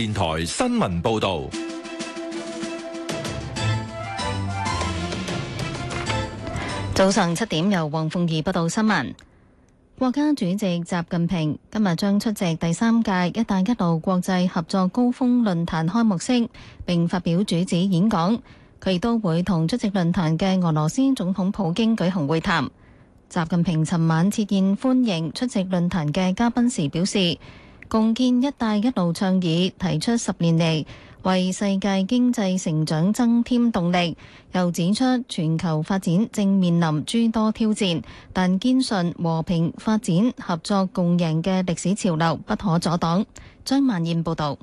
電台新聞報道：早上七點由黃鳳儀報道新聞。國家主席習近平今日將出席第三屆“一帶一路”國際合作高峰論壇開幕式，並發表主旨演講。佢亦都會同出席論壇嘅俄羅斯總統普京舉行會談。習近平尋晚設宴歡迎出席論壇嘅嘉賓時表示，共建“一帶一路”倡議，提出十年嚟為世界經濟成長增添動力，又指出全球發展正面臨諸多挑戰，但堅信和平發展、合作共贏嘅歷史潮流不可阻擋。張萬燕報導。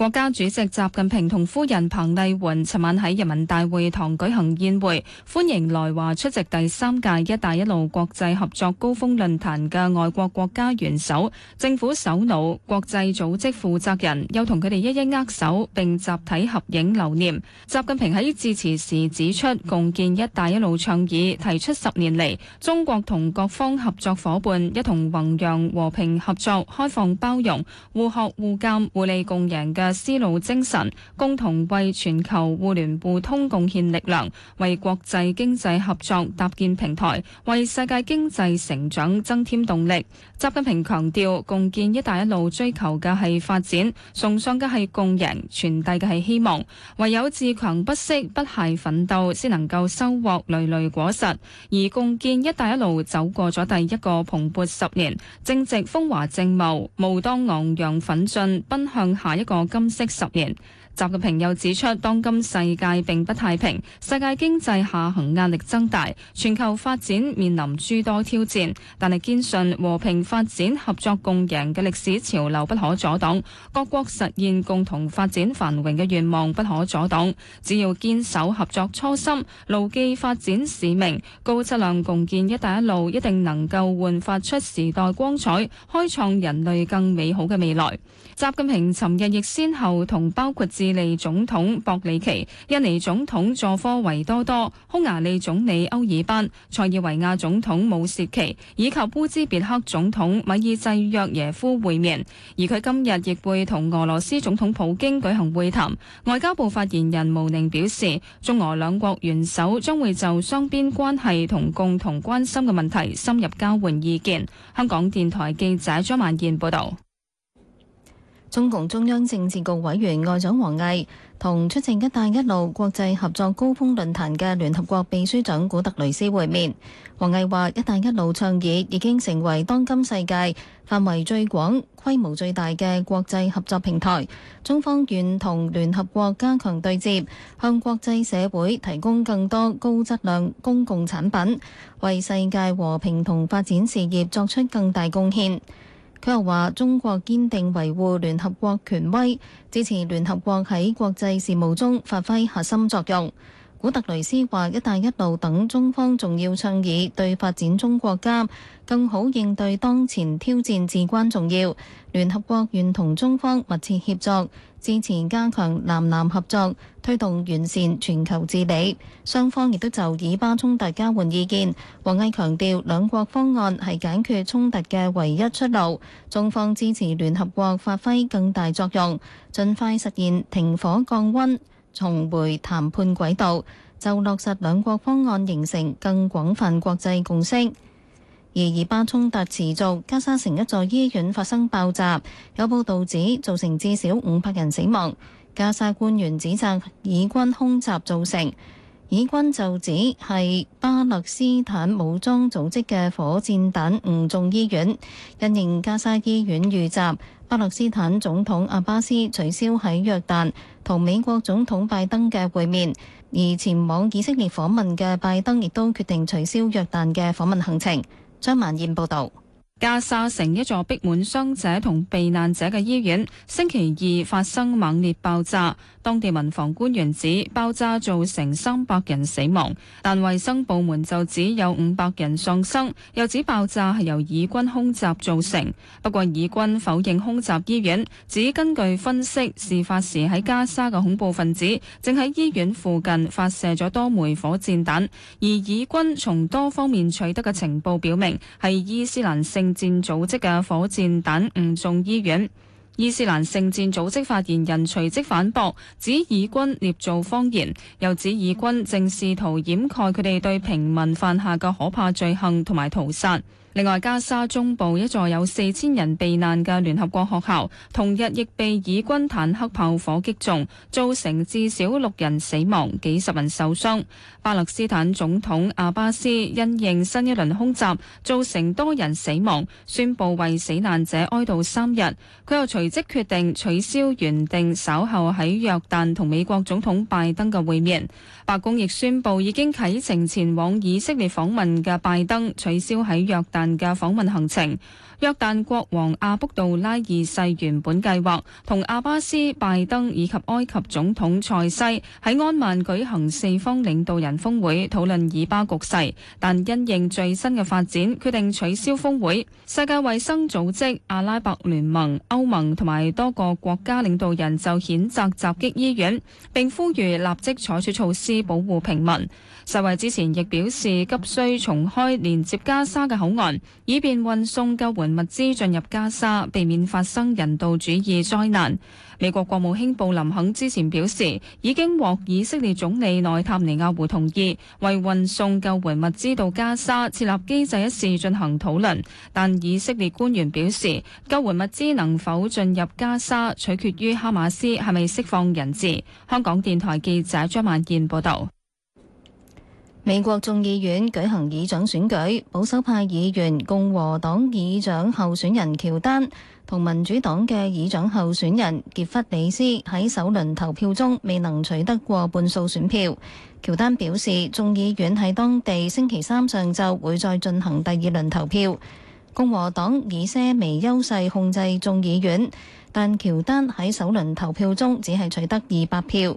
國家主席習近平同夫人彭麗媛尋晚喺人民大會堂舉行宴會，歡迎來華出席第三屆“一帶一路”國際合作高峰論壇嘅外國國家元首、政府首腦、國際組織負責人，又同佢哋一一握手並集體合影留念。習近平喺致辭時指出，共建“一帶一路”倡議提出十年嚟，中國同各方合作伙伴一同弘揚和平、合作、開放、包容、互學互鑒、互利共贏嘅絲路精神，共同為全球互聯互通貢獻力量，為國際經濟合作搭建平台，為世界經濟成長增添動力。習近平強調，共建“一帶一路”追求嘅係發展，崇尚嘅係共贏，傳遞嘅係希望。唯有自強不息、不懈奮鬥，先能夠收穫纍纍果實。而共建“一帶一路”走過咗第一個蓬勃十年，正值風華正茂，無當昂揚奮進，奔向下一個。金色十年，習近平又指出，當今世界並不太平，世界經濟下行壓力增大，全球發展面臨諸多挑戰。但係堅信和平發展、合作共贏嘅歷史潮流不可阻擋，各國實現共同發展繁榮嘅願望不可阻擋。只要堅守合作初心，牢記發展使命，高質量共建“一帶一路”，一定能夠煥發出時代光彩，開創人類更美好嘅未來。習近平尋日亦先後同包括智利總統博里奇、印尼總統佐科維多多、匈牙利總理歐爾班、塞爾維亞總統武舍奇以及烏茲別克總統米爾濟約耶夫會面，而佢今日亦會同俄羅斯總統普京舉行會談。外交部發言人毛寧表示，中俄兩國元首將會就雙邊關係同共同關心嘅問題深入交換意見。香港電台記者張曼燕報道。中共中央政治局委員外長王毅同出席「一帶一路」國際合作高峰論壇嘅聯合國秘書長古特雷斯會面。王毅話：「一帶一路」倡議已經成為當今世界範圍最廣、規模最大嘅國際合作平台。中方願同聯合國加強對接，向國際社會提供更多高質量公共產品，為世界和平同發展事業作出更大貢獻。佢又話：中國堅定維護聯合國權威，支持聯合國喺國際事務中發揮核心作用。古特雷斯話：「一帶一路等中方重要倡議，對發展中國家更好應對當前挑戰至關重要。聯合國願同中方密切協作。」支持加強南南合作，推動完善全球治理。雙方亦都就以巴衝突交換意見。王毅強調，兩國方案係解決衝突嘅唯一出路。中方支持聯合國發揮更大作用，盡快實現停火降温，重回談判軌道，就落實兩國方案，形成更廣泛國際共識。而以巴衝突持續，加沙城一座醫院發生爆炸，有報導指造成至少五百人死亡。加沙官員指責以軍空襲造成，以軍就指係巴勒斯坦武裝組織嘅火箭彈誤中醫院。因應加沙醫院遇襲，巴勒斯坦總統阿巴斯取消喺約旦同美國總統拜登嘅會面，而前往以色列訪問嘅拜登亦都決定取消約旦嘅訪問行程。張萬燕報道。加沙城一座逼滿傷者同避難者嘅醫院，星期二發生猛烈爆炸。當地民防官員指爆炸造成三百人死亡，但衛生部門就只有五百人喪生，又指爆炸係由以軍空襲造成。不過以軍否認空襲醫院，只根據分析事發時喺加沙嘅恐怖分子正喺醫院附近發射咗多枚火箭彈，而以軍從多方面取得嘅情報表明係伊斯蘭聖戰組織嘅火箭彈誤中醫院，伊斯蘭聖戰組織發言人隨即反駁，指以軍捏造謊言，又指以軍正試圖掩蓋佢哋對平民犯下嘅可怕罪行同埋屠殺。另外，加沙中部一座有四千人避難嘅聯合國學校，同日亦被以軍坦克炮火擊中，造成至少六人死亡、幾十人受傷。巴勒斯坦總統阿巴斯因應新一輪空襲造成多人死亡，宣布為死難者哀悼三日。佢又隨即決定取消原定稍後喺約旦同美國總統拜登嘅會面。白宮亦宣布已經啟程前往以色列訪問嘅拜登取消喺約旦。嘅訪問行程，約旦國王阿卜杜拉二世原本計劃同阿巴斯、拜登以及埃及總統塞西喺安曼舉行四方領導人峰會，討論以巴局勢。但因應最新嘅發展，決定取消峰會。世界衛生組織、阿拉伯聯盟、歐盟同埋多個國家領導人就譴責襲擊醫院，並呼籲立即採取措施保護平民。世衛之前亦表示，急需重開連接加沙嘅口岸。以便運送救援物資進入加沙，避免發生人道主義災難。美國國務卿布林肯之前表示，已經獲以色列總理內塔尼亞胡同意，為運送救援物資到加沙設立機制一事進行討論。但以色列官員表示，救援物資能否進入加沙，取決於哈馬斯係咪釋放人質。香港電台記者張曼燕報道。美國眾議院舉行議長選舉，保守派議員共和黨議長候選人喬丹同民主黨嘅議長候選人傑弗里斯喺首輪投票中未能取得過半數選票。喬丹表示，眾議院喺當地星期三上晝會再進行第二輪投票。共和黨以些微優勢控制眾議院，但喬丹喺首輪投票中只係取得二百票。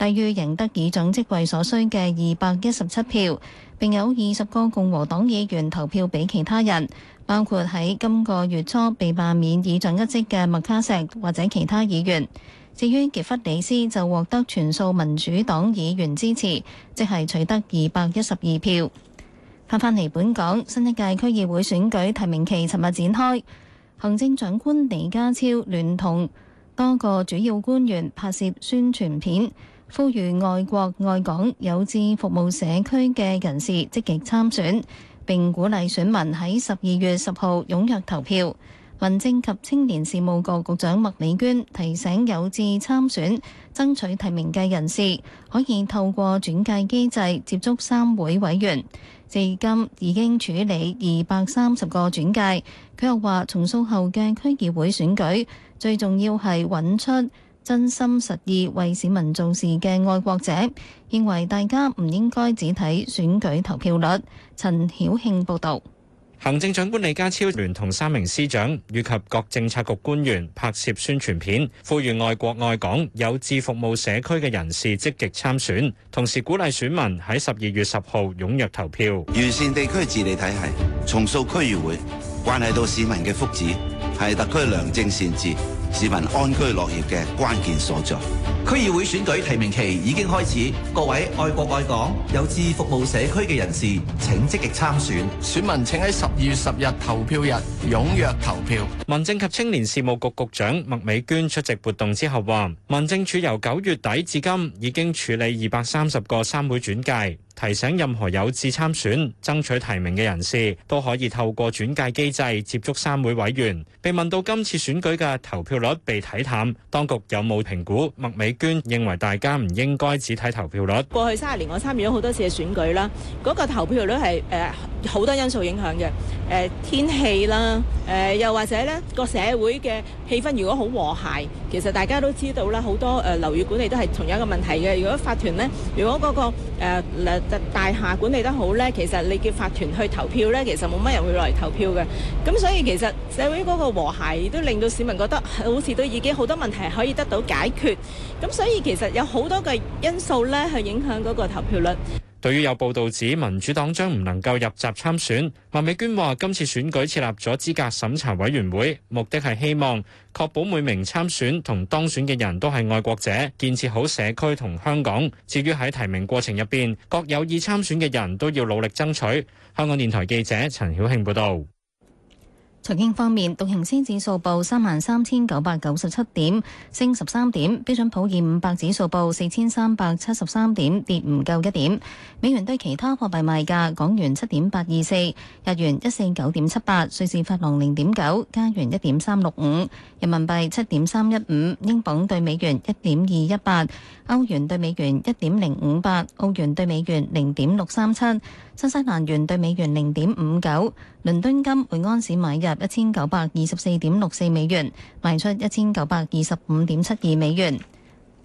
大於贏得議長職位所需嘅二百一十七票，並有二十個共和黨議員投票俾其他人，包括喺今個月初被罷免議長一職嘅麥卡錫或者其他議員。至於傑弗里斯就獲得全數民主黨議員支持，即係取得二百一十二票。翻返嚟本港，新一屆區議會選舉提名期尋日展開，行政長官李家超聯同多個主要官員拍攝宣傳片。呼籲愛國愛港、有志服務社區嘅人士積極參選，並鼓勵選民喺十二月十號踴躍投票。民政及青年事務局局長麥美娟提醒有志參選、爭取提名嘅人士，可以透過轉介機制接觸三會委員。至今已經處理二百三十個轉介。佢又話：重塑後嘅區議會選舉，最重要係揾出真心實意為市民做事嘅愛國者，認為大家唔應該只睇選舉投票率。陳曉慶報道，行政長官李家超聯同三名司長以及各政策局官員拍攝宣傳片，呼籲愛國愛港、有志服務社區嘅人士積極參選，同時鼓勵選民喺十二月十號踴躍投票，完善地區治理體系，重塑區議會，關係到市民嘅福祉，係特區良政善治，市民安居樂業嘅關鍵所在。區議會選舉提名期已經開始，各位愛國愛港、有志服務社區嘅人士請積極參選。選民請喺十二月十日投票日踴躍投票。民政及青年事務局局局長麥美娟出席活動之後話：民政處由九月底至今已經處理二百三十個三會轉介，提醒任何有志參選、爭取提名嘅人士都可以透過轉介機制接觸三會委員。被問到今次選舉嘅投票率被睇淡，當局有冇評估？麥美娟認為大家唔應該只睇投票率。過去三十年，我參與咗好多次嘅選舉啦。嗰、那個投票率係誒好多因素影響嘅。誒、呃、天氣啦，誒、呃、又或者咧個社會嘅氣氛，如果好和諧，其實大家都知道啦，好多誒樓宇管理都係同樣一個問題嘅。如果法團呢，如果嗰、那個大、呃、大廈管理得好呢，其實你叫法團去投票呢，其實冇乜人會落嚟投票嘅。咁所以其實社會嗰個和諧都令到市民覺得好似都已經好多問題可以得到解決。咁所以其實有好多嘅因素咧，去影響嗰個投票率。對於有報道指民主黨將唔能夠入閘參選，麥美娟話：今次選舉設立咗資格審查委員會，目的係希望確保每名參選同當選嘅人都係愛國者，建設好社區同香港。至於喺提名過程入邊，各有意參選嘅人都要努力爭取。香港電台記者陳曉慶報道。財經方面，道瓊斯指數報3萬3,997點，升十三點；標準普爾500指數報4,373點，跌唔夠一點。美元對其他貨幣賣價：港元七點八二四，日元一四九點七八，瑞士法郎零點九，加元一點三六五，人民幣七點三一五，英鎊對美元一點二一八，歐元對美元一點零五八，澳元對美元零點六三七。新西蘭元對美元零點五九，倫敦金每安士買入一千九百二十四點六四美元，賣出一千九百二十五點七二美元。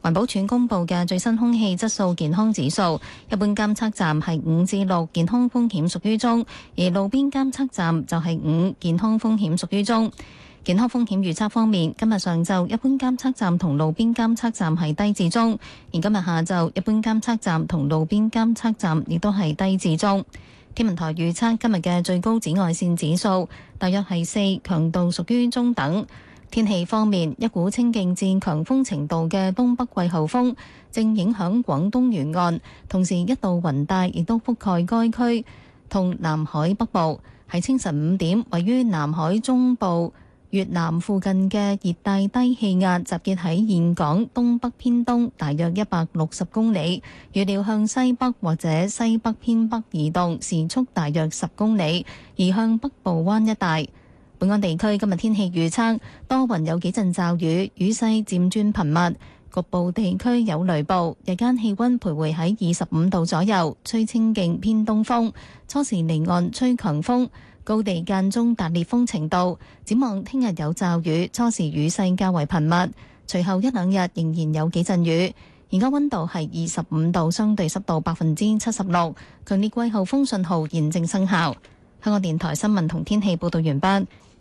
環保署公布嘅最新空氣質素健康指數，一般監測站係五至六，健康風險屬於中；而路邊監測站就係五，健康風險屬於中。健康風險預測方面，今日上晝一般監測站同路邊監測站係低至中。而今日下晝一般監測站同路邊監測站亦都係低至中。天文台預測今日嘅最高紫外線指數大約係四，強度屬於中等。天氣方面，一股清勁至強風程度嘅東北季候風正影響廣東沿岸，同時一道雲帶亦都覆蓋該區同南海北部。喺清晨五點位於南海中部。越南附近嘅熱帶低氣壓集結喺峴港東北偏東大約一百六十公里，預料向西北或者西北偏北移動，時速大約十公里，移向北部灣一帶。本港地區今日天氣預測，多雲有幾陣驟雨，雨勢漸轉頻密，局部地區有雷暴。日間氣溫徘徊喺二十五度左右，吹清勁偏東風，初時離岸吹強風，高地間中達烈風程度，展望聽日有驟雨，初時雨勢較為頻密，隨後一兩日仍然有幾陣雨。而家溫度係二十五度，相對濕度百分之七十六，強烈季候風信號現正生效。香港電台新聞同天氣報導完畢。